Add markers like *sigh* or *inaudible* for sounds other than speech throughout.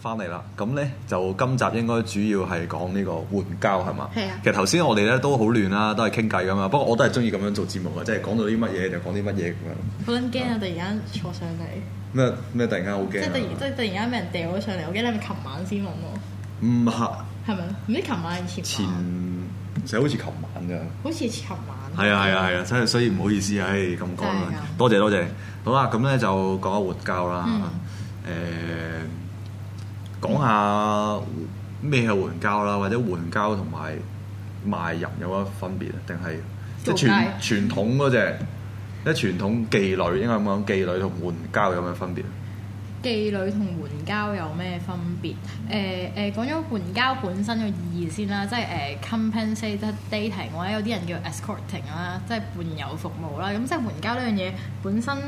翻嚟啦，咁咧就今集應該主要係講呢個援交係嘛？係是啊。其實頭先我哋咧都好亂啦，都係傾偈㗎啊。不過我都係中意咁樣做節目啊，即係講到啲乜嘢就講啲乜嘢咁樣。好撚驚啊！突然間坐上嚟。咩咩？突然間好驚。即係突然，即係突然間俾人掉咗上嚟。我記得你係咪琴晚先好唔好？唔係、嗯。係咪？唔知琴晚定前，前？成日好似琴晚㗎。好似琴晚。係啊係啊係啊！真係、啊啊啊、所以唔好意思、哎、是啊，咁講啊，多謝多謝。好啦，咁咧就講下援交啦。嗯。嗯嗯講下咩係援交啦，或者援交同埋賣淫有乜分別啊？定係即係傳傳統嗰隻，即係傳統妓女，應該咁講，妓女同援交有乜分別？妓女同援交有咩分別？誒、呃、誒、呃，講咗援交本身嘅意義先啦，即係誒、uh, compensated dating 或者有啲人叫 escorting 啦，即係伴遊服務啦。咁即係援交呢樣嘢本身誒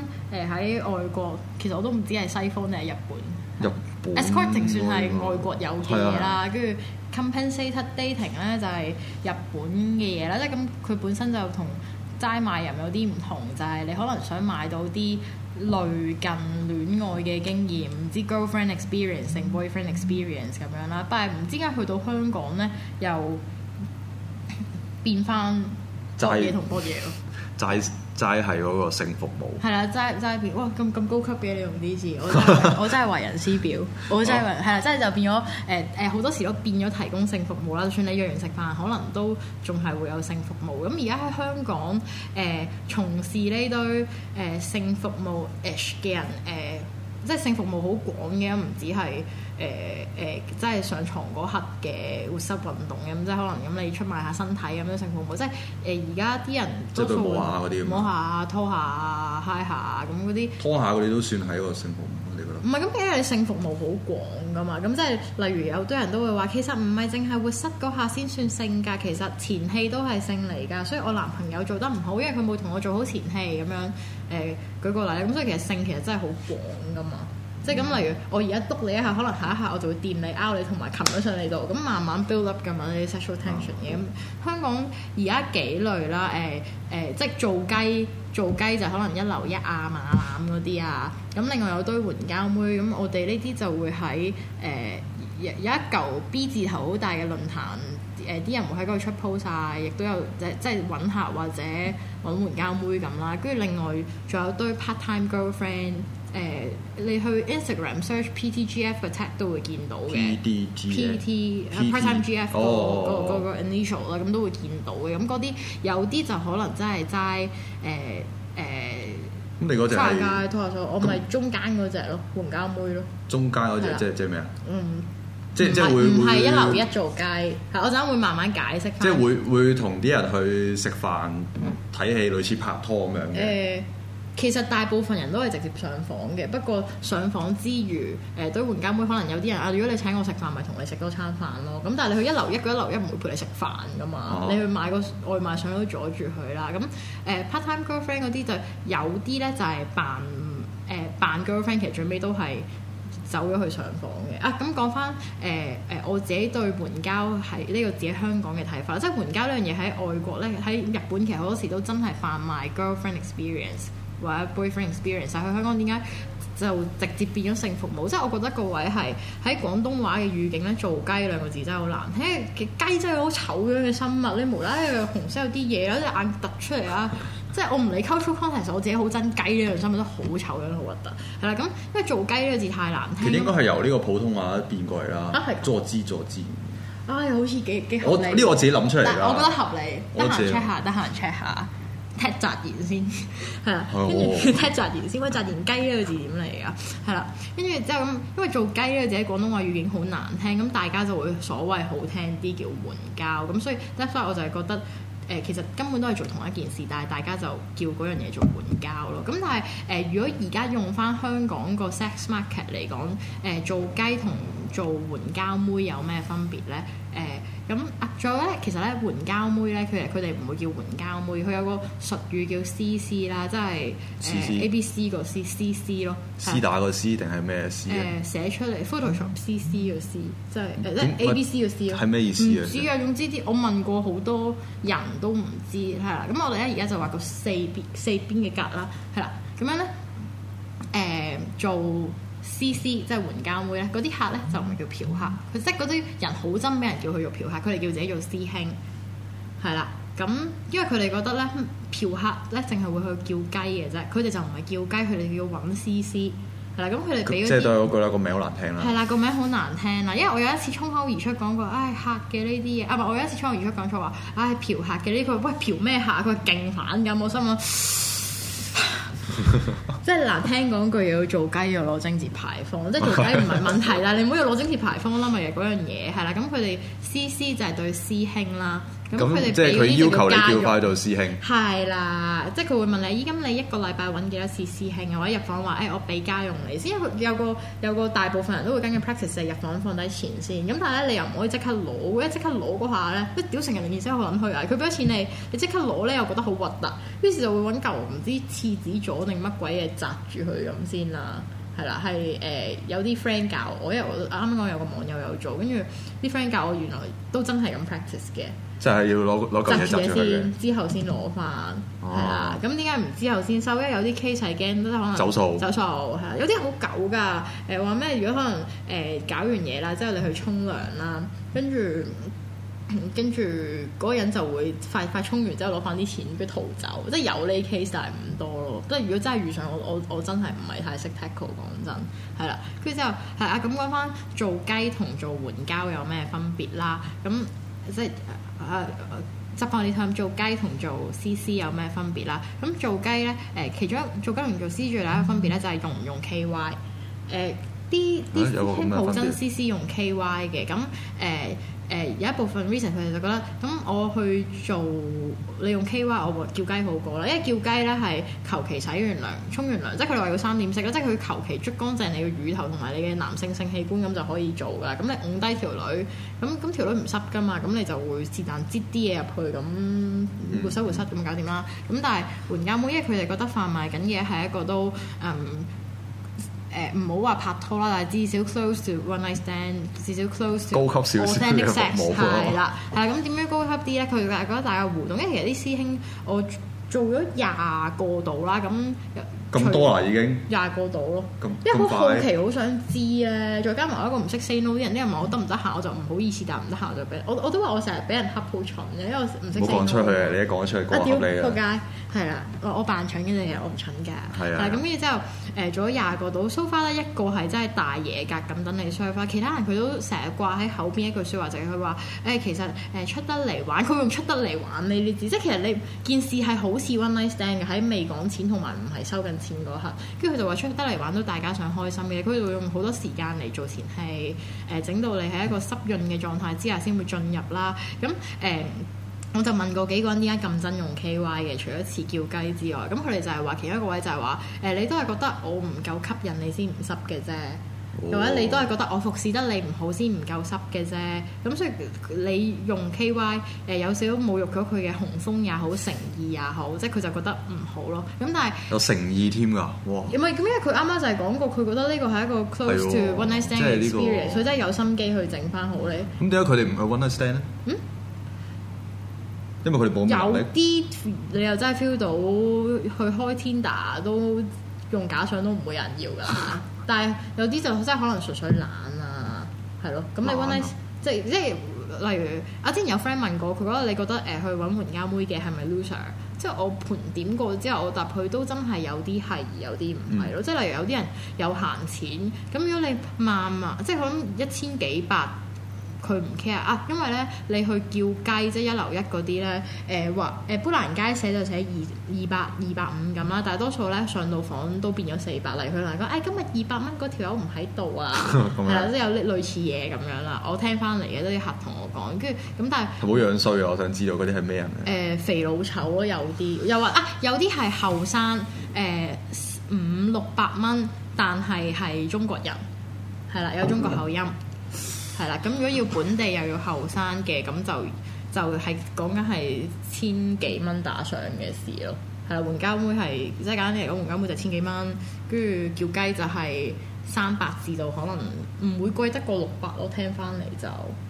喺、呃、外國，其實我都唔知係西方定係日本。本 Escorting 算係外國有嘅嘢啦，跟住的 compensated dating 咧就係日本嘅嘢啦，即係咁佢本身就同齋賣淫有啲唔同，就係、是、你可能想買到啲類近戀愛嘅經驗，唔知 girlfriend experience、定 boyfriend experience 咁樣啦，但係唔知點解去到香港咧又變翻多嘢同多嘢咯，就係、是。齋係嗰個性服務係啦，齋齋變哇咁咁高級嘅你用啲字，我真係 *laughs* 我真係為人師表，我真係為係啦，真係就變咗誒誒好多時都變咗提供性服務啦，就算你約完食飯，可能都仲係會有性服務。咁而家喺香港誒、呃，從事呢堆誒、呃、性服務 h 嘅人誒。呃即係性服務好廣嘅，唔止係誒誒，即係上床嗰刻嘅活塞運動嘅，咁即係可能咁你出賣下身體咁樣性服務，即係誒而家啲人都做摸下、摸下、拖下、嗨下咁嗰啲拖下嗰啲都算係一個性服務。唔係咁，因為你性服務好廣噶嘛，咁即係例如有好多人都會話，其實唔係淨係活塞嗰下先算性㗎，其實前戲都係性嚟㗎。所以我男朋友做得唔好，因為佢冇同我做好前戲咁樣。誒、欸，舉個例，咁所以其實性其實真係好廣噶嘛。即係咁，例如我而家督你一下，可能下一下我就會掂你、撓你同埋擒咗上嚟度，咁慢慢 build up 㗎嘛，啲 sexual tension 嘅、哦。咁香港而家幾類啦，誒、呃、誒、呃，即係做雞。做雞就可能一樓一啊馬攬嗰啲啊，咁另外有堆援交妹，咁我哋呢啲就會喺誒、呃、有一嚿 B 字頭好大嘅論壇，誒、呃、啲人會喺嗰度出 post 啊，亦都有即即係揾客或者揾援交妹咁啦、啊，跟住另外仲有堆 part time girlfriend。誒，你去 Instagram search PTGF 嘅 tag 都會見到嘅，PT g part-time GF 嗰個 initial 啦，咁都會見到嘅。咁嗰啲有啲就可能真係齋誒誒。咁你嗰隻？拖街拖下拖，我咪中間嗰隻咯，半家妹咯。中間嗰隻即即咩啊？嗯，即即會唔係一樓一做雞。係我陣會慢慢解釋。即會會同啲人去食飯睇戲，類似拍拖咁樣嘅。其實大部分人都係直接上房嘅，不過上房之餘，誒對援交妹可能有啲人啊。如果你請我食飯，咪、就、同、是、你食多餐飯咯。咁但係你去一樓一嗰一樓一唔會陪你食飯㗎嘛。Oh. 你去買個外賣上都阻住佢啦。咁、嗯呃、part time girlfriend 嗰啲就有啲咧就係、是、扮誒、呃、扮 girlfriend，其實最尾都係走咗去上房嘅啊。咁講翻誒誒我自己對援交係呢個自己香港嘅睇法，即係援交呢樣嘢喺外國咧喺日本其實好多時都真係販賣 girlfriend experience。或者 boyfriend experience，但香港點解就直接變咗性服務？即係我覺得個位係喺廣東話嘅語境咧，做雞兩個字真係好難聽。雞真係好醜樣嘅生物咧，你無啦啦紅色有啲嘢啦，即眼突出嚟啦。即係我唔理 culture content，我自己好憎雞呢樣生物都好醜樣，好核突。係啦，咁因為做雞呢個字太難聽。佢應該係由呢個普通話變過嚟啦，助資助資。啊，哎、好似幾幾合理呢？我，呢個我自己諗出嚟我覺得合理。得閒 check 下，得閒 check 下。踢扎言先，係啦，跟住踢扎言先，喂，扎言雞呢個字點嚟㗎？係啦，跟住之後咁，因為做雞咧，自己廣東話語境好難聽，咁大家就會所謂好聽啲叫援交，咁所以，所以我就係覺得，誒、呃，其實根本都係做同一件事，但係大家就叫嗰樣嘢做援交咯。咁但係，誒、呃，如果而家用翻香港個 sex market 嚟講，誒、呃，做雞同做援交妹有咩分別咧？誒、呃？呃咁啊，仲、嗯、有咧，其實咧，援交妹咧，佢哋佢哋唔會叫援交妹，佢有個術語叫 C C 啦，即係 A B C 個 C C C 咯，打個 C 定係咩 C 啊？誒，寫出嚟 Photoshop C C 個 C，即係 A B C 個 C 咯。係咩意思啊？唔知啊，總之啲我問過好多人都唔知，係啦。咁、嗯、我哋咧而家就話個四邊四邊嘅格啦，係啦，咁樣咧，誒、呃、做。C C 即係援交妹咧，嗰啲客咧就唔係叫嫖客，佢識嗰啲人好憎俾人叫佢做嫖客，佢哋叫自己做師兄，係啦。咁因為佢哋覺得咧，嫖客咧淨係會去叫雞嘅啫，佢哋就唔係叫雞，佢哋叫揾 C C 係啦。咁佢哋俾即係都係嗰句啦，個名好難聽啦。係啦，個名好難聽啦。因為我有一次衝口而出講過，唉、哎，客嘅呢啲嘢啊，唔係我有一次衝口而出講錯話，唉、哎，嫖客嘅呢、這個喂，嫖咩客？佢勁反噶，我心諗。 *laughs* 即係難聽講句，要做雞又攞貞節牌坊，即係做雞唔係問題啦， *laughs* 你唔好要攞貞節牌坊啦，咪又嗰樣嘢係啦，咁佢哋師師就係對師兄啦。咁即係佢要求你叫快做師兄，係啦，即係佢會問你：依咁你一個禮拜揾幾多次師兄？或者入房話：誒、哎，我俾家用你先。因為有個有個大部分人都會跟嘅 practice 係入房放低錢先。咁但係咧，你又唔可以即刻攞咧，即刻攞嗰下咧，都屌成人哋先好諗去啊！佢俾咗錢你，你即刻攞咧，又覺得好核突，於是就會揾嚿唔知廁紙咗定乜鬼嘢擲住佢咁先啦。係啦，係誒、呃、有啲 friend 教我，因為我啱啱講有個網友有做，跟住啲 friend 教我原來都真係咁 practice 嘅，就係要攞攞嘢先，之後先攞翻，係啊，咁點解唔之後先收？因為有啲 case 係驚都可能走數帳，走數係啊，有啲好狗㗎，誒話咩？如果可能誒、呃、搞完嘢啦，之後你去沖涼啦，跟住。跟住嗰人就會快快充完之後攞翻啲錢，跟逃走。即係有呢 case，但係唔多咯。即係如果真係遇上我，我我真係唔係太識 tackle 講真，係啦。跟住之後係啊，咁講翻做雞同做援交有咩分別啦？咁即係啊執翻啲 time，做雞同做 CC 有咩分別啦？咁做雞咧，誒、呃、其中一做雞同做 CC 最第一分別咧就係用唔用 KY、呃。誒啲啲師兄好憎 CC 用 KY 嘅，咁誒。呃誒有一部分 reason 佢哋就覺得，咁我去做你用 KY，我叫雞好過啦，因為叫雞咧係求其洗完涼、沖完涼，即係佢哋話要三點式啦，即係佢求其捽乾淨你嘅乳頭同埋你嘅男性性器官咁就可以做㗎喇。咁你捂低條女，咁咁條女唔濕㗎嘛，咁你就會是但擠啲嘢入去，咁會濕會濕咁搞掂啦。咁、嗯、但係援交妹，因為佢哋覺得販賣緊嘢係一個都誒。嗯誒唔好話拍拖啦，但係至少 close to one night stand，至少 close to。高級少少。係啦，係啦，咁點樣高級啲咧？佢其實覺得大家互動，因為其實啲師兄，我做咗廿個度啦，咁咁多啦已經。廿個度咯，因為好好奇好想知啊。再加埋一個唔識 say no 啲人，啲 *laughs* 人問我得唔得閒，我就唔好意思，但唔得閒就俾我我都話我成日俾人恰好蠢嘅，因為我唔識。唔好講出去啊！你一講出去，講出嚟 *laughs* 係啦，我扮蠢嘅嘢，我唔蠢㗎。係啊的，咁跟住之後，誒、呃、做咗廿個到，So far 啦一個係真係大爺格咁等你 show 翻，其他人佢都成日掛喺口邊一句説話，就係佢話誒其實誒、呃、出得嚟玩，佢用出得嚟玩呢啲字， *music* 即係其實你件事係好似 one night stand 嘅，喺未講錢同埋唔係收緊錢嗰刻，跟住佢就話出得嚟玩都大家想開心嘅，佢就會用好多時間嚟做前戲，誒、呃、整到你喺一個濕潤嘅狀態之下先會進入啦，咁、啊、誒。嗯嗯嗯我就問過幾個人點解咁憎用 KY 嘅，除咗似叫雞之外，咁佢哋就係話，其他一個位就係、是、話，誒、欸、你都係覺得我唔夠吸引你先唔濕嘅啫，oh. 或者你都係覺得我服侍得你唔好先唔夠濕嘅啫。咁所以你用 KY 誒有少少侮辱咗佢嘅雄風也好，誠意也好，即係佢就覺得唔好咯。咁但係有誠意添㗎，哇！唔係咁，因為佢啱啱就係講過，佢覺得呢個係一個 close to、哦、one night stand experience，佢真係有心機去整翻好咧。咁點解佢哋唔去 one night stand 咧？嗯？因為佢哋幫你。有啲你又真係 feel 到，去開 Tinder 都用假相都唔會有人要㗎啦。 *laughs* 但係有啲就真係可能純粹懶啊，係咯。咁、嗯、你 One Night，即係即係例如，我之前有 friend 問過，佢覺得你覺得誒去揾援交妹嘅係咪 loser？即係我盤點過之後，我答佢都真係有啲係，有啲唔係咯。嗯、即係例如有啲人有閒錢，咁如果你萬萬即係可能一千幾百。佢唔 care 啊，因為咧你去叫雞即係一樓一嗰啲咧，誒話誒砵蘭街寫就寫二二百二百五咁啦，大多數咧上到房都變咗四百嚟。佢同人講：誒今日二百蚊嗰條友唔喺度啊，係啦， *laughs* 即係有啲類似嘢咁樣啦。我聽翻嚟嘅都啲客同我講，跟住咁但係好樣衰啊！我想知道嗰啲係咩人咧？誒、呃、肥佬醜咯，有啲又話啊，有啲係後生誒五六百蚊，但係係中國人，係啦，有中國口音。嗯係啦，咁如果要本地又要後生嘅，咁就就係講緊係千幾蚊打上嘅事咯。係啦，援交妹係即係簡單嚟講，援交妹就千幾蚊，跟住叫雞就係三百至到可能唔會貴得過六百咯。聽翻嚟就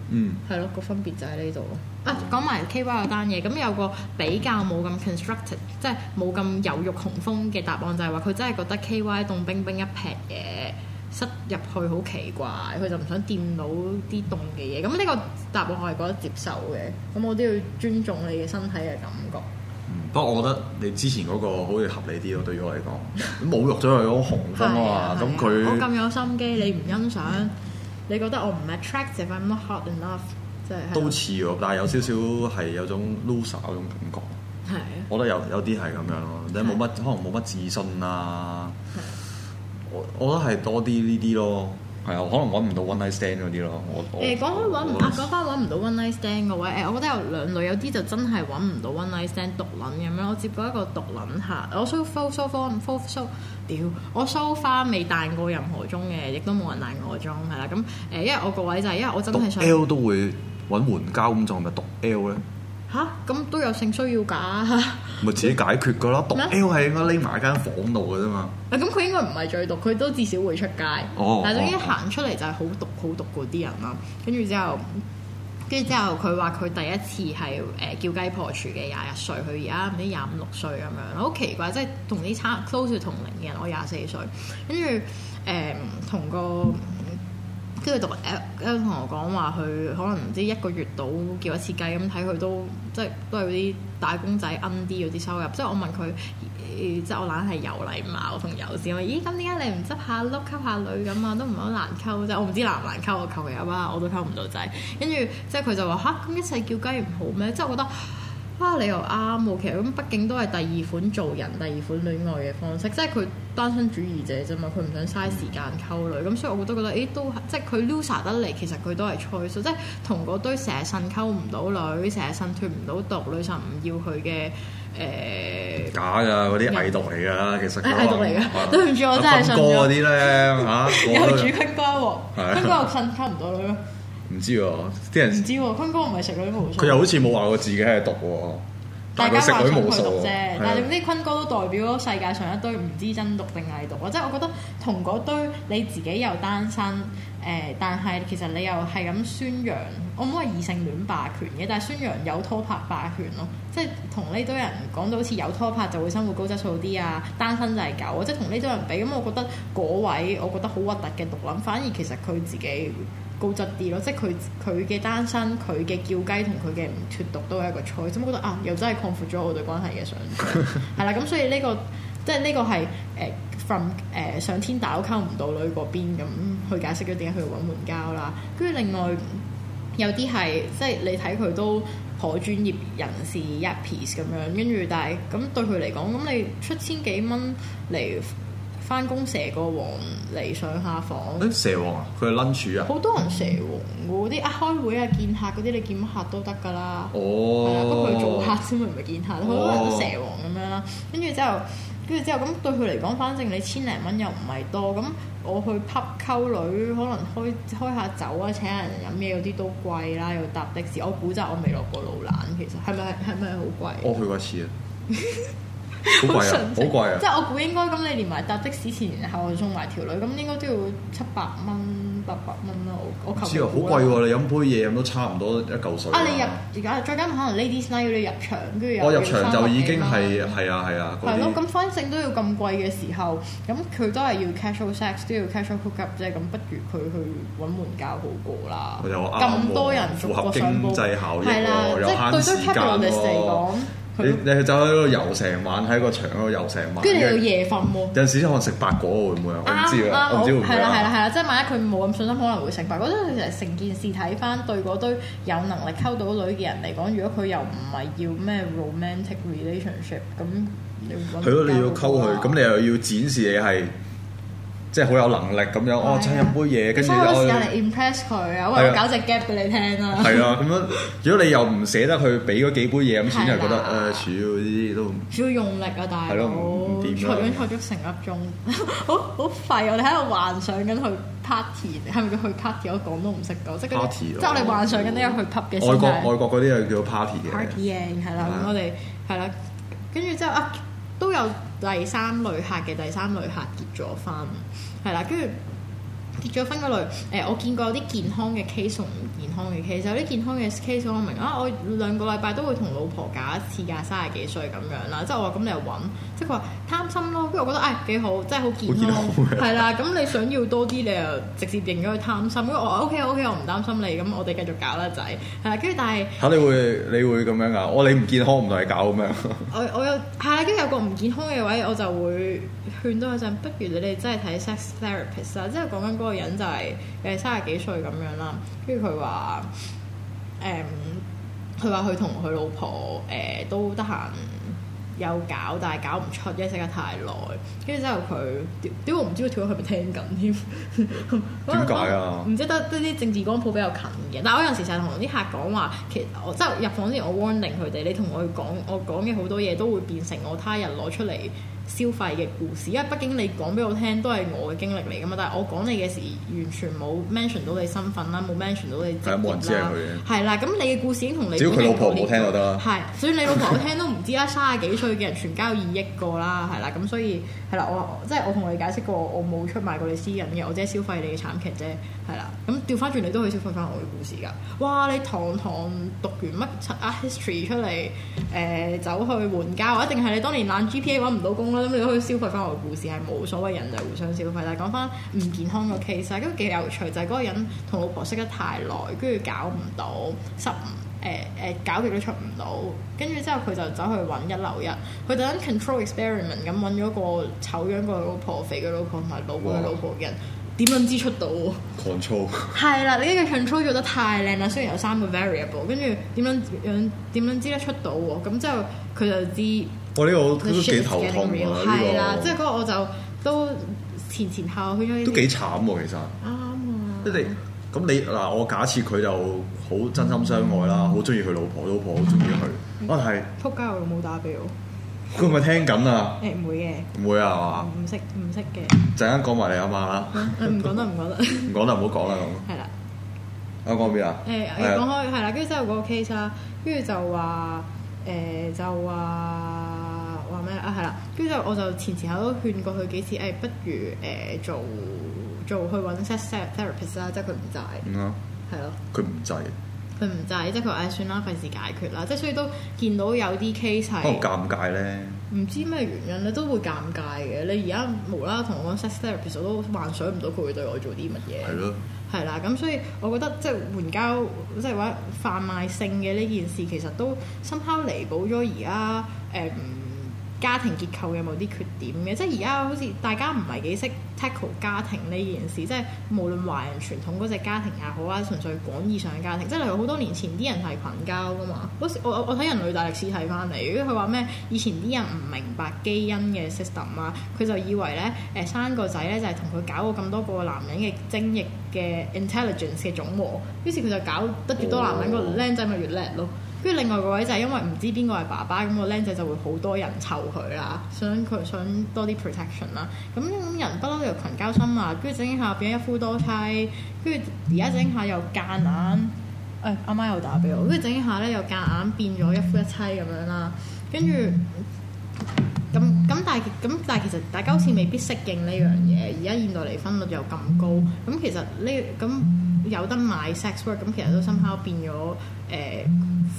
嗯係咯，個分別就喺呢度咯。啊，講埋 KY 嗰單嘢，咁有個比較冇咁 constructed，即係冇咁有肉雄風嘅答案就係話佢真係覺得 KY 凍冰冰一劈嘅。塞入去好奇怪，佢就唔想掂到啲凍嘅嘢。咁呢個答案我係覺得接受嘅。咁我都要尊重你嘅身體嘅感覺。不過我覺得你之前嗰個好似合理啲咯，對於我嚟講，侮辱咗佢好紅心啊嘛。咁佢我咁有心機，你唔欣賞，你覺得我唔 attractive，唔 hot enough，即係都似喎，但係有少少係有種 loser 嗰種感覺。係，我覺得有有啲係咁樣咯，你冇乜可能冇乜自信啊。我覺得係多啲呢啲咯，係啊，可能揾唔到 one night stand 嗰啲咯。我誒、欸、講開揾唔啊講翻揾唔到 one night stand 個位誒、欸，我覺得有兩類，有啲就真係揾唔到 one night stand 獨撚咁樣。我接過一個獨撚客，我 show photo h o n e h o t 屌，我 show 花未彈過任何鐘嘅，亦都冇人彈我鐘係啦。咁誒、欸，因為我個位就係因為我真係想 L 都會揾援交咁就咪讀 L 咧。吓，咁都、啊、有性需要㗎咪 *laughs* 自己解決㗎囉，毒 L 係應該匿埋喺間房度嘅啫嘛。啊、嗯，咁佢應該唔係最毒，佢都至少會出街。哦，但係佢一行出嚟就係好毒好毒嗰啲人啦。跟住之後，跟住之後佢話佢第一次係誒叫雞破處嘅廿一歲，佢而家唔知廿五六歲咁樣，好奇怪，即係同啲差 close 同齡嘅人，我廿四歲，嗯、跟住誒同個。跟住讀 L，L 同我講話佢可能唔知一個月到叫一次雞咁，睇佢都即係都係嗰啲打工仔奀啲嗰啲收入。即係我問佢，即係我懶係有禮貌同友善。咦，咁點解你唔執下碌溝下女咁啊？都唔係好難溝啫。我唔知難唔難溝，我溝嘅阿媽我都溝唔到仔。跟住即係佢就話吓，咁一齊叫雞唔好咩？即係我覺得。啊！你又啱喎，其實咁畢竟都係第二款做人、第二款戀愛嘅方式，即係佢單身主義者啫嘛，佢唔想嘥時間溝女，咁所以我好多覺得，誒、欸、都即係佢撩撒得嚟，其實佢都係菜素，即係同嗰堆成日呻溝唔到女、成日呻脫唔到毒女就唔要佢嘅誒。欸、假㗎，嗰啲偽毒嚟㗎啦，其實。偽毒嚟㗎。對唔住，對我真係。坤哥啲咧嚇，啊、有主坤哥喎，坤哥又呻溝唔到女咯。 *laughs* *laughs* *laughs* 唔知喎、啊，啲人唔知喎、啊。坤哥唔係食女無數，佢又好似冇話過自己係毒喎。女無大家話佢冇毒啫，的但係你坤哥都代表咗世界上一堆唔知真毒定係毒。的即係我覺得同嗰堆你自己又單身，誒、呃，但係其實你又係咁宣揚。我唔係異性戀霸權嘅，但係宣揚有拖拍霸權咯。即係同呢堆人講到好似有拖拍就會生活高質素啲啊，單身就係狗。即係同呢堆人比，咁我覺得嗰位我覺得好核突嘅毒撚，反而其實佢自己。高質啲咯，即係佢佢嘅單身，佢嘅叫雞同佢嘅唔脫毒都係一個菜，咁覺得啊，又真係擴闊咗我對關係嘅想法，係啦， *laughs* 咁所以呢、呢個即係呢個係誒、uh, from 誒、uh, 上天打溝唔到女嗰邊咁去解釋咗點解去揾援交啦，跟住另外有啲係即係你睇佢都頗專業人士一 piece 咁樣，跟住但係咁對佢嚟講，咁你出千幾蚊嚟？翻工蛇個王嚟上下房，蛇王啊，佢係 lunch 啊！好多人蛇王，我啲一開會啊見客嗰啲，你見客都得噶啦。哦，不過佢做客先，咪唔係見客。哦，好多人都蛇王咁樣啦，跟住之後，跟住之後咁對佢嚟講，反正你千零蚊又唔係多，咁我去啪溝女，可能開開下酒啊，請人飲嘢嗰啲都貴啦，又搭的士。我估測我未落過老蘭，其實係咪係咪好貴？是是是是貴，我去過一次啊。 *laughs* 好貴啊！ *laughs* 情 *laughs* 即係我估應該咁，你連埋搭的士前後送埋條女，咁應該都要七百蚊、八百蚊咯。我我知道啊，好貴喎、啊！你飲杯嘢飲都差唔多一嚿水。啊！你入而家，再加可能 ladies night，要你入場跟住又。我、哦、入場文就已經係係啊係啊。係、啊啊、咯，咁反正都要咁貴嘅時候，咁佢都係要 casual sex，都要 casual c o o k up 啫。咁不如佢去揾門教好過啦。我又啱喎。咁多人符合經濟效益喎、啊，又慳時間喎、啊。 *laughs* 你你係走去喺度遊成晚，喺個場嗰度遊成晚。跟住你要夜瞓喎、啊。有陣時可能食白果會唔會啊？我唔知啊，我唔知會唔會。係啦係啦係啦，即係、啊啊、萬一佢冇咁信心，可能會食白果。即係其實成件事睇翻，對嗰堆有能力溝到女嘅人嚟講，如果佢又唔係要咩 romantic relationship，咁你要揾。係咯，你要溝佢，咁你又要展示你係。即係好有能力咁樣，哦，斟一杯嘢，跟住我花多時間嚟 impress 佢啊！我話搞隻 gap 俾你聽啦。係啊，咁樣如果你又唔捨得去俾嗰幾杯嘢咁，先又覺得誒，主要啲都主要用力啊，大佬，坐咗坐足成粒鐘，好好廢！我哋喺度幻想緊去 party，係咪叫去 party？我講都唔識講，即係跟住之後我哋幻想緊啲去 pub 嘅。外國外國嗰啲又叫做 party 嘅。Partying 係啦，我哋係啦，跟住之後啊。都有第三旅客嘅第三旅客結咗婚。係啦，跟住。結咗婚嗰類，誒我見過有啲健康嘅 case 同唔健康嘅 case，有啲健康嘅 case 我明啊，我兩個禮拜都會同老婆搞一次㗎，三十幾歲咁樣啦，即係我話咁你又揾，即係佢話貪心咯，跟住我覺得唉，幾好，真係好健康， *laughs* 係啦，咁你想要多啲你又直接認咗佢貪心，咁我 OK OK 我唔擔心你，咁我哋繼續搞啦、啊、仔，係啦 ance，跟住但係嚇你會你會咁樣㗎， *laughs* 我你唔、啊、健康唔同你搞咁樣，我我有係啦，跟住有個唔健康嘅位我就會勸多、e、 *laughs* 一陣，不如你哋真係睇 sex therapist 啦，即係講緊。嗰個人就係、是、誒三十幾歲咁樣啦，跟住佢話誒，佢話佢同佢老婆誒都得閒有搞，但係搞唔出，因 *laughs* 為時間太耐。跟住之後佢點點我唔知佢跳咗去咪聽緊添？點解啊？唔知得得啲政治光譜比較近嘅，但係我有陣時成日同啲客講話，其實我即係入房之前我 warning 佢哋，你同我講，我講嘅好多嘢都會變成我他日攞出嚟。消費嘅故事，因為畢竟你講俾我聽都係我嘅經歷嚟噶嘛，但係我講你嘅時完全冇 mention 到你身份啦，冇 mention 到你職業啦。係冇人知佢嘅。係啦，咁你嘅故事已經同你。只要佢老婆冇聽就得啦，啊。係，所以你老婆冇聽都唔知啦，卅幾 *laughs* 歲嘅人全交二億個啦，係啦，咁所以係啦，我即係我同你解釋過，我冇出賣過你私隱嘅，我即係消費你嘅慘劇啫，係啦。咁調翻轉你都可以消費翻我嘅故事㗎。哇，你堂堂讀完乜 history 出嚟，誒、呃，走去援交，一定係你當年爛 GPA 揾唔到工啦。咁你都可以消費翻我個故事，係冇所謂人就互相消費。但係講翻唔健康個 case，咁幾有趣就係、是、嗰個人同老婆識得太耐，跟住搞唔到，十五誒搞極都出唔到，跟住之後佢就走去揾一流人，佢突然間 control experiment 咁揾咗個醜樣個老婆、肥嘅老婆同埋老嘅老婆嘅人。Wow. 點樣知出到？control 係啦，你呢個 control 做得太靚啦，雖然有三個 variable，跟住點樣樣點樣知咧出到喎？咁之後佢就知。我呢個都幾頭痛啊！係啦，即係嗰個我就都前前後後都幾慘喎，其實。啱啊！即你，咁你嗱，我假設佢就好真心相愛啦，好中意佢老婆，老婆好中意佢。哦，係。撲街我又冇打俾我。佢咪聽緊啊？誒唔、欸、會嘅，唔會啊嘛。唔識唔識嘅。陣間講埋你阿媽啦。唔講得，唔講得。唔講得，唔好講啦咁。係啦。我講邊啊？誒，講開係啦，跟住之後嗰個 case 啦，跟住就話誒，就話話咩啊？係啦，跟住就我就前前後都勸過佢幾次，誒、欸，不如誒、欸、做做,做去揾 set therapist 啦、啊，即係佢唔制。嗯、啊。係咯了。佢唔制。了佢唔制，即係佢誒算啦，費事解決啦，即係所以都見到有啲 case 係，好尷尬咧，唔知咩原因咧，都會尷尬嘅。你而家無啦啦同我講 sex therapist，其實我都幻想唔到佢會對我做啲乜嘢。係咯了。係啦，咁所以我覺得即係援交，即係話販賣性嘅呢件事，其實都深刻彌補咗而家誒。呃家庭結構有冇啲缺點嘅？即係而家好似大家唔係幾識 tackle 家庭呢件事，即係無論華人傳統嗰隻家庭也好啊，純粹廣義上嘅家庭，即係例如好多年前啲人係群交㗎嘛。嗰時我我睇人類大歷史睇翻嚟，如果佢話咩以前啲人唔明白基因嘅 system 啊，佢就以為咧誒生個仔咧就係同佢搞過咁多個男人嘅精液嘅 intelligence 嘅總和，於是佢就搞得越多男人，oh，個僆仔咪越叻咯。跟住另外個位就係因為唔知邊個係爸爸，咁、那個僆仔就會好多人湊佢啦，想佢想多啲 protection 啦。咁人不嬲又群交心啊，跟住整下變咗一夫多妻，跟住而家整下又夾硬，誒、哎、阿媽又打俾我，跟住整下咧又夾硬變咗一夫一妻咁樣啦。跟住咁咁但係咁但係其實大家好似未必適應呢樣嘢，而家現代離婚率又咁高，咁其實呢咁。有得買 sex work，咁其實都深刻變咗誒、呃、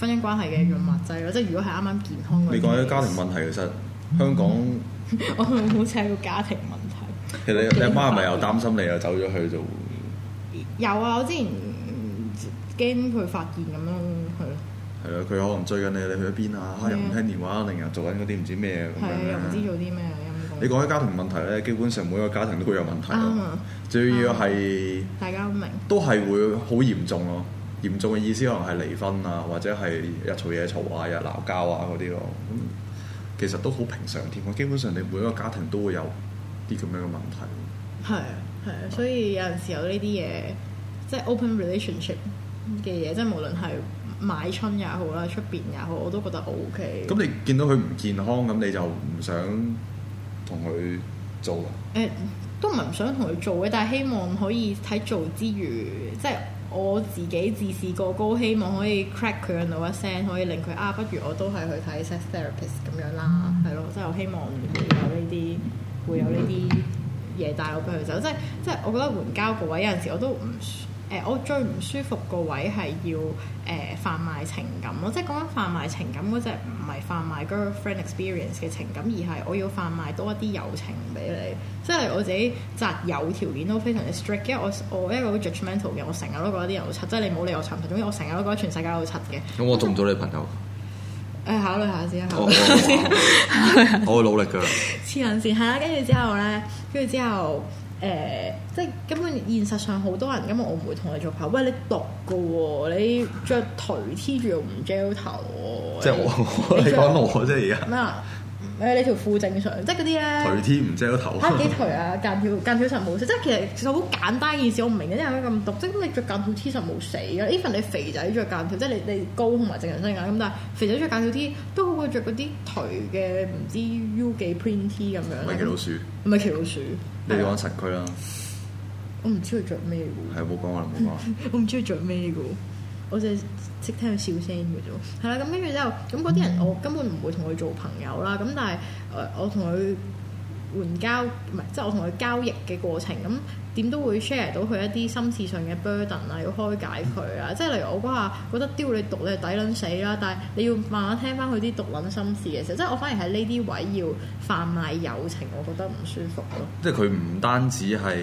婚姻關係嘅潤滑劑咯。即係如果係啱啱健康嘅，你講啲家庭問題其實香港， *laughs* 我好似係個家庭問題。其你阿媽係咪又擔心你又走咗去做？有啊，我之前驚佢發現咁咯，去咯。係啊，佢可能最近你你去咗邊啊？的又唔聽電話，成日做緊嗰啲唔知咩又唔知做啲咩？你講起家庭問題咧，基本上每一個家庭都會有問題，仲，嗯，要係，嗯，大家都明，都係會好嚴重咯。嚴重嘅意思可能係離婚啊，或者係日嘈夜嘈啊，日鬧交啊嗰啲咯。咁，嗯，其實都好平常添，基本上你每一個家庭都會有啲咁樣嘅問題。係啊，係啊，所以有陣時候有呢啲嘢，即係 open relationship 嘅嘢，即係無論係買春也好啦，出邊也好，我都覺得 OK。咁你見到佢唔健康，咁你就唔想同佢做啊？誒、欸，都唔係唔想同佢做嘅，但係希望可以喺做之餘，即係我自己自視過高，希望可以 crack 佢嘅腦一聲，可以令佢啊，不如我都係去睇 sex therapist 咁樣啦，係咯，即係我希望會有呢啲，會有呢啲嘢帶我俾佢走，即係即係我覺得援交嗰位有陣時我都唔。誒，我最唔舒服個位係要誒、呃、販賣情感咯，我即係講緊販賣情感嗰隻唔係販賣 girlfriend experience 嘅情感，而係我要販賣多一啲友情俾你。即係我自己擇友條件都非常之 strict，因為我我一個好 judgmental 嘅，我成日都覺得啲人好柒，即係你唔好理我柒唔柒。總之我成日都覺得全世界都好柒嘅。咁我做唔做你朋友？誒、欸，考慮下先，考慮先。一我會努力㗎。黐緊線，係啦，跟住之後咧，跟住之後。誒、呃，即係根本現實上好多人，根本我唔會同你做朋友。喂，你毒噶喎，你着頸 T 仲要唔 gel 頭喎。即係我，你講我即係而家。咩啊？誒、呃，你條褲正常，即係嗰啲咧頸 T 唔 gel 頭。嚇幾頸啊？間條間條 T 冇事，即係其實就好簡單嘅意思，我唔明嘅啲人點解咁毒。即係你着間條 T 實冇死嘅。even 你肥仔着間條 T，即係你，你高同埋正人身咁，但係肥仔着間條 T，都好過着嗰啲頸嘅唔知 U 幾 print T 咁樣。米奇老鼠？唔係奇老鼠。你講實區啦，我唔知佢着咩嘅喎。係冇講啦，冇講。我唔知佢着咩嘅我就係識聽到笑聲嘅啫。係啦，咁跟住之後，咁嗰啲人我根本唔會同佢做朋友啦。咁、嗯、但係，誒我同佢援交唔係，即係我同佢交易嘅過程咁。點都會 share 到佢一啲心事上嘅 burden 啊，要開解佢啊，即係例如我話覺得丟你毒你係抵撚死啦，但係你要慢慢聽翻佢啲毒撚心事嘅時候，即係我反而喺呢啲位要販賣友情，我覺得唔舒服咯。即係佢唔單止係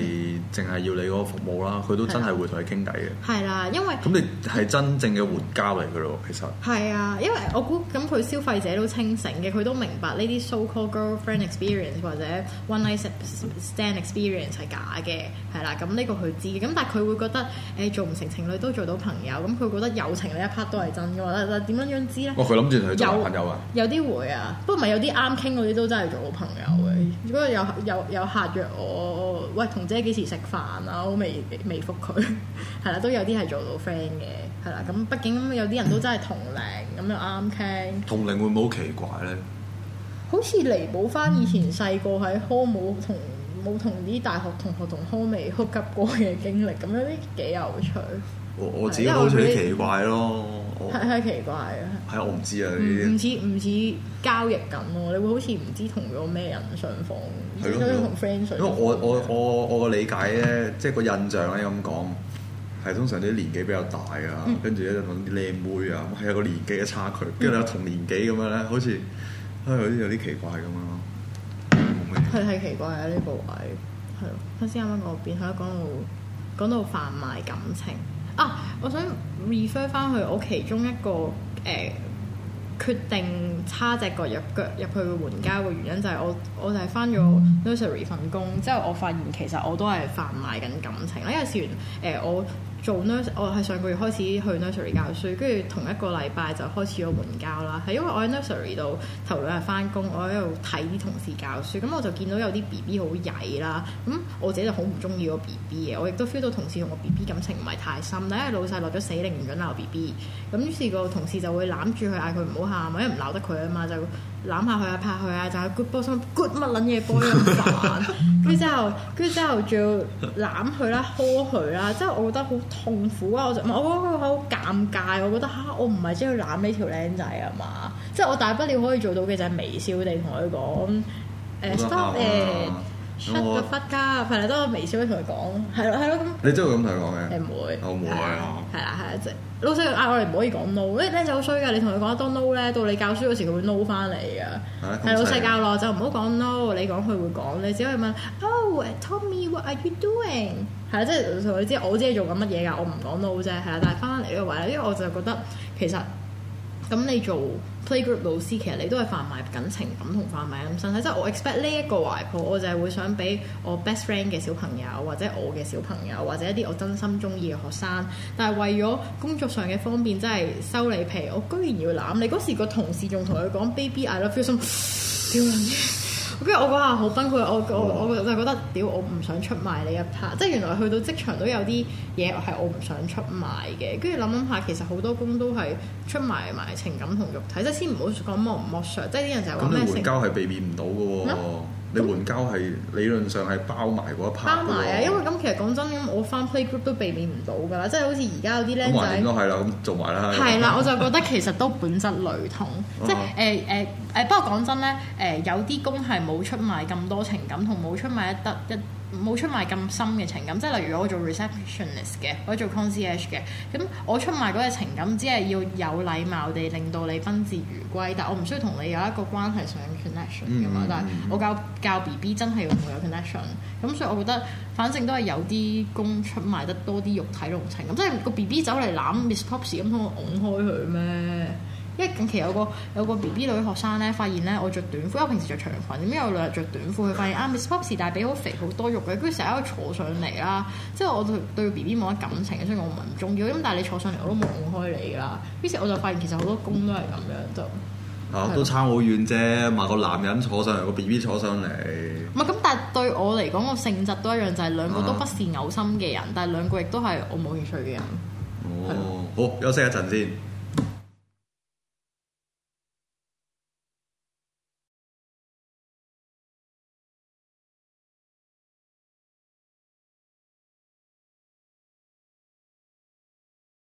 淨係要你嗰個服務啦，佢都真係會同你傾偈嘅。係啦、啊，因為咁你係真正嘅活交嚟嘅咯，其實係啊，因為我估咁佢消費者都清醒嘅，佢都明白呢啲 so called girlfriend experience 或者 one night stand experience 係假嘅。係啦，咁呢個佢知嘅，咁但係佢會覺得誒、欸、做唔成情侶都做到朋友，咁佢覺得友情呢一 part 都係真嘅喎。但點樣樣知咧？哦，佢諗住佢做朋友啊？有啲會啊，不過唔係有啲啱傾嗰啲都真係做到朋友嘅。如果、嗯、有有有客約我，喂，同姐幾時食飯啊？我未未覆佢，係啦，都有啲係做到 friend 嘅，係啦。咁畢竟有啲人都真係同齡，咁又啱傾。同齡會唔會好奇怪咧？好似彌補翻以前細個喺科舞同。冇同啲大學同學同康美哭急過嘅經歷，咁有啲幾有趣。我自己好似奇怪咯，係係我奇怪啊。係我唔知啊。唔似唔似交易緊咯、啊，你會好似唔知同咗咩人上房，始終同 friend 上。朋友的因為我我我我個理解咧，即係個印象咧咁講，係通常啲年紀比較大啊，嗯、跟住咧揾啲靚妹啊，係有個年紀嘅差距，跟住有同年紀咁樣咧，好似好似有啲奇怪咁啊。佢係奇怪啊！呢個位係咯，啱先啱啱講到邊？係咯，講到講到販賣感情啊！我想 refer 翻去我其中一個呃決定叉隻腳入腳入，入，入去嘅緩交嘅原因，就係我我就係翻咗 nursery 份工，之後我發現其實我都係販賣緊感情啊！因為之前誒我。做 nurse 我係上個月開始去 nursery 教書，跟住同一個禮拜就開始有瞓教啦。係因為我喺 nursery 度頭兩日翻工，我喺度睇啲同事教書，咁我就見到有啲 B B 好曳啦。咁我自己就好唔中意個 B B 嘅，我亦都 feel 到同事同個 B B 感情唔係太深。第一，老細落咗死令唔准鬧 B B，咁於是個同事就會攬住佢嗌佢唔好喊啊，因為唔鬧得佢啊嘛就。攬下佢啊，拍佢啊，就係 good boy good 乜撚嘢 boy 又煩，跟住之後，然後，跟住之後仲要攬佢啦，呵佢啦，即係我覺得好痛苦啊！我就我覺得佢好尷尬，我覺得嚇、啊、我唔係即係攬呢條靚仔啊嘛，即係我大不了可以做到嘅就係微笑地同佢講，誒、 *laughs* 呃、stop it *laughs* 出咗忽㗎，凡係都我微笑咁同佢講，係咯係咯咁。你真係會咁同佢講嘅？唔會，我唔會啊。係啦係，即係老細嗌我哋唔可以講 no，因為僆仔好衰㗎。你同佢講多 no 咧，到你教書嗰時佢會 no 翻嚟㗎。係老細教落就唔好講 no，你講佢會講。你只可以問，Oh Tommy，what are you doing？係啦，即係同佢知我知你做緊乜嘢㗎，我唔講 no 啫。係啦，但係翻翻嚟呢個位啦，因為我就覺得其實。咁你做 playgroup 老師，其實你都係販賣緊情感同販賣咁身體。即係我 expect 呢一個懷抱，我就係會想俾我 best friend 嘅小朋友，或者我嘅小朋友，或者一啲我真心中意嘅學生。但係為咗工作上嘅方便，真係收你皮，我居然要攬你嗰時個同事仲同佢講：baby，I love you so much。跟住我嗰下好崩潰，我我我，我就覺得屌，我唔想出賣呢一 part，即係原來去到職場都有啲嘢係我唔想出賣嘅。跟住諗諗下，其實好多工都係出賣埋情感同肉體，即係先唔好講剝唔剝削，即係啲人就話咩成交係避免唔到嘅喎。嗯你援交係理論上係包埋嗰一 part 包埋啊，因為咁其實講真，咁我返 playgroup 都避免唔到㗎啦，即係好似而家嗰啲僆仔。包埋咯，係啦，咁做埋啦。係啦，我就覺得其實都本質雷同， *laughs* 即係誒誒誒，不過講真咧，誒、呃、有啲工係冇出賣咁多情感，同冇出賣一得一。冇出賣咁深嘅情感，即係例如我做 receptionist 嘅，我做 concierge 嘅，咁我出賣嗰個情感，只係要有禮貌地令到你賓至如歸，但係我唔需要同你有一個關係上嘅 connection 嘅嘛。但係我教教 B B 真係要有 connection，咁所以我覺得，反正都係有啲工出賣得多啲肉體濃情，咁即係個 B B 走嚟攬 Miss Popsy 咁，我拱開佢咩？因為近期有個有個 B B 女學生咧，發現咧我着短褲，因為我平時着長裙，咁樣我兩日着短褲，佢發現啊 Miss Pop 是大髀好肥好多肉嘅，跟住成日喺度坐上嚟啦。即係我對對 B B 冇乜感情，所以我唔係唔重要。咁但係你坐上嚟我都望開你啦。於是我就發現其實好多工都係咁樣就啊，了都差好遠啫。埋個男人坐上嚟，個 B B 坐上嚟。唔係咁，但係對我嚟講，個性質都一樣，就係、是、兩個都不是噁心嘅人，啊、但係兩個亦都係我冇興趣嘅人。哦，的好休息一陣先。